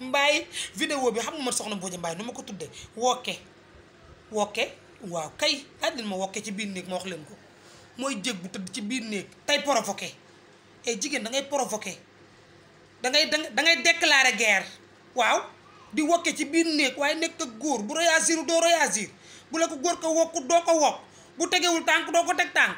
mbaay vidéo bi xam ma soxna Mbodia mbaay nu ma ko tuddee wokke wokke waaw kay laaj ma wokke ci biir néeg ma wax leen ko mooy jég bu tëdd ci biir néeg tey provoqué et eh, jigéen da ngay provoqué dangay ngay da ngay déclarer guerre waaw di wokke ci biir néeg waaye nekk ak góor bu réagir doo réagir bu la ko góor ko wokku doo ko wokk bu tegewul tànk doo ko teg tànk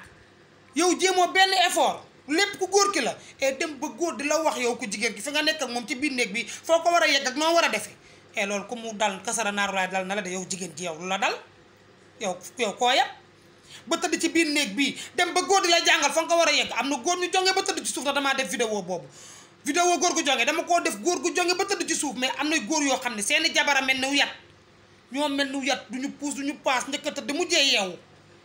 yow jéemoo benn effort lépp ku góor ki la e dem ba góor di la wax yow ko jigéen ki fi nga nekk moom ci biir néeg bi foo ko war a yegg ak noo war a defee et loolu ku mu dal kasara naar laay dal na la de yow jigéen ji yow lu la dal yow yow koo yam ba tëdd ci biir néeg bii dem ba góor di la jàngal foo nga ko war a yegg am na góor ñu jongee ba tëdd ci suuf da damaa def vidéo boobu vidéo góor gu jonge dama koo def góor gu jonge ba tëdd ci suuf mais am na góor yoo xam ne seeni jabara mel ni yat ñoo mel ni yat duñu puus duñu paas njëkk a tëdd mujjee yeewu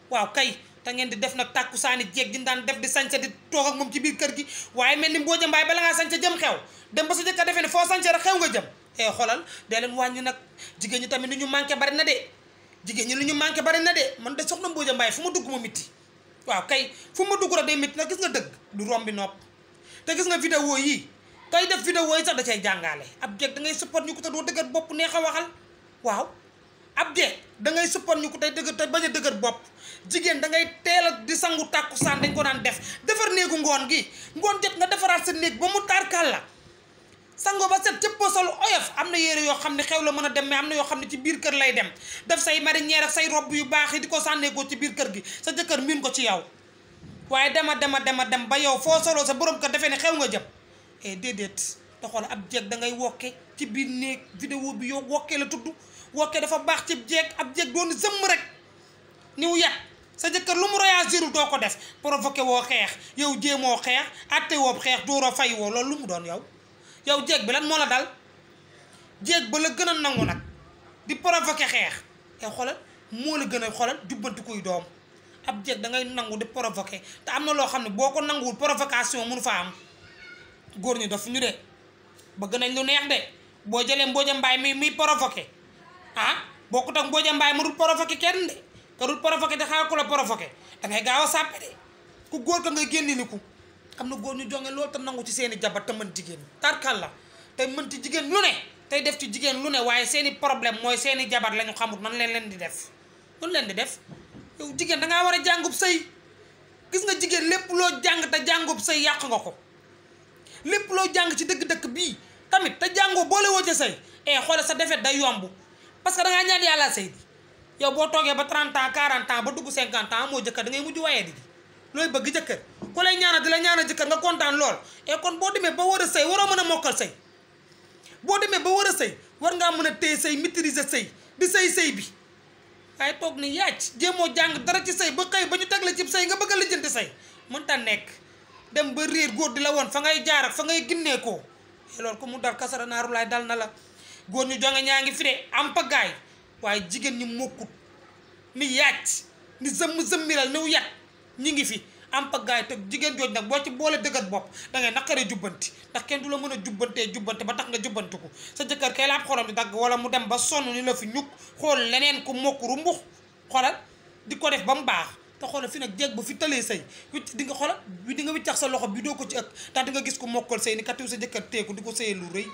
waaw kay te ngeen di def nag tàkku saani jeeg di daan def di sañse di toog ak moom ci biir kër gi waaye mel ni Mbodja Mbaye bala ngaa sañse jëm xew dem ba sa jëkk a defee ne foo sañse rek xew nga jëm e xoolal dee leen wàññi nag jigéen ñi tamit lu ñu manqué bari na de jigéen ñi lu ñu manqué bari na de man de soxna Mbodja Mbaye fu ma dugg ma mitti waaw kay fu ma dugg rek day mitti nag gis nga dëgg du rombi nopp te gis nga vidéo yii kay def vidéo yi sax da cay jàngaale ab jeeg ngay support ñu ko te doo dëggat bopp neex a waxal waaw ab dee da ngay suppan ñu ko tey dëgër te bañ a dëgër bopp jigéen da ngay teel a di sangu tàkkusaan dañ ko daan def defar néegu ngoon gi ngoon jot nga defaraat sa néeg ba mu tarkal la sango ba set cëpp solo oyof am na yére yoo xam ne xew la mën a dem mais am na yoo xam ne ci biir kër lay dem def say marinière ak say robb yu baax yi di ko sànneekoo ci biir kër gi sa jëkkër miin ko ci yow waaye dema dema dema dem ba yow foo soloo sa borom kër defee ne xew nga jëm eh déedéet te xool ab jeeg da ngay wokke ci biir néeg vidéo bi yow wokkee la tudd wokkee dafa baax ci jeeg ab jeeg doon zëmm rek niw yat sa jëkkër lu mu réagirul doo ko def provoqué woo xeex yow jéemoo xeex atte woo xeex dóor a fay woo loolu lu mu doon yow yow jeeg bi lan moo la dal jeeg ba la gën a nangu nag di provoqué xeex yow xoolal moo la gën a xoolal jubbanti doom ab jeeg da ngay nangu di provoqué te am na loo xam ne boo ko nanguwul provocation munu fa am góor ñi daf ñu de bëgg nañ lu neex de boo jëlee mbooja mbaay mi muy provoqué ah bokkut ak mbooja mbaay mu dul provoqué kenn de ka dul provoqué te xaar ku dangay gaaw a sàppe de ku góor ka ngay génne ni ku am na góor ñu jonge loolu te nangu ci seeni jabar te mën jigéen tarkal la te mën ci jigéen lu ne tey def ci jigéen lu ne waaye seeni problème mooy seeni jabar lañu xamut nan leen leen di def nun leen di def yow jigéen dangaa war a jàngub sëy gis nga jigéen lépp loo jàng te jàngub sëy yàq nga ko lépp loo jàng ci dëkk-dëkk bii tamit te jàngoo boole woo ca say eh xoolal sa defet day yomb parce que da ngaa ñaan yàlla say yow boo toogee ba 30 ans 40 ba dugg 50 ans moo jëkkër da ngay mujj waaye di looy bëgg jëkkër ku lay ñaanal di la ñaanal jëkkër nga kontaan lool et eh, kon boo demee ba war a sëy waroo mën a mokkal sëy boo demee ba war a sëy war ngaa mën a téye sëy maîtriser sëy di sëy sëy bi waaye toog ni yàcc jéemoo jàng dara ci sëy ba xëy ba ñu teg la cib sëy nga bëgg a lijjanti sëy mënta nekk dem ba réer góor di la woon fa ngay jaaral fa ngay ginnee ko eh, loolu ko mu dal kasara naaru laay dal na la góor ñu jonge ñaa ngi fi de am pagaay waaye jigéen ñi mokkut ni yaaj ni zëmm zëmmiral niw yat ñi ngi fi am pagaay te jigéen jooj nag boo ci boole dëggat bopp da ngay naqaree jubbanti ndax kenn du la mën a jubbantee jubbante ba tax nga jubbanti ko sa jëkkër kay la am xolam di dagg wala mu dem ba sonn ni la fi ñukk xool leneen ko mokk rumbux xolal di ko def ba mu baax te xoolal fi nag jeg bu fi tëlee say wicc di nga xoolal di nga wiccax sa loxo bi doo ko ci ëpp ndax di nga gis ko mokkal say ni katiw sa jëkkër teeku di ko sëyee lu rëy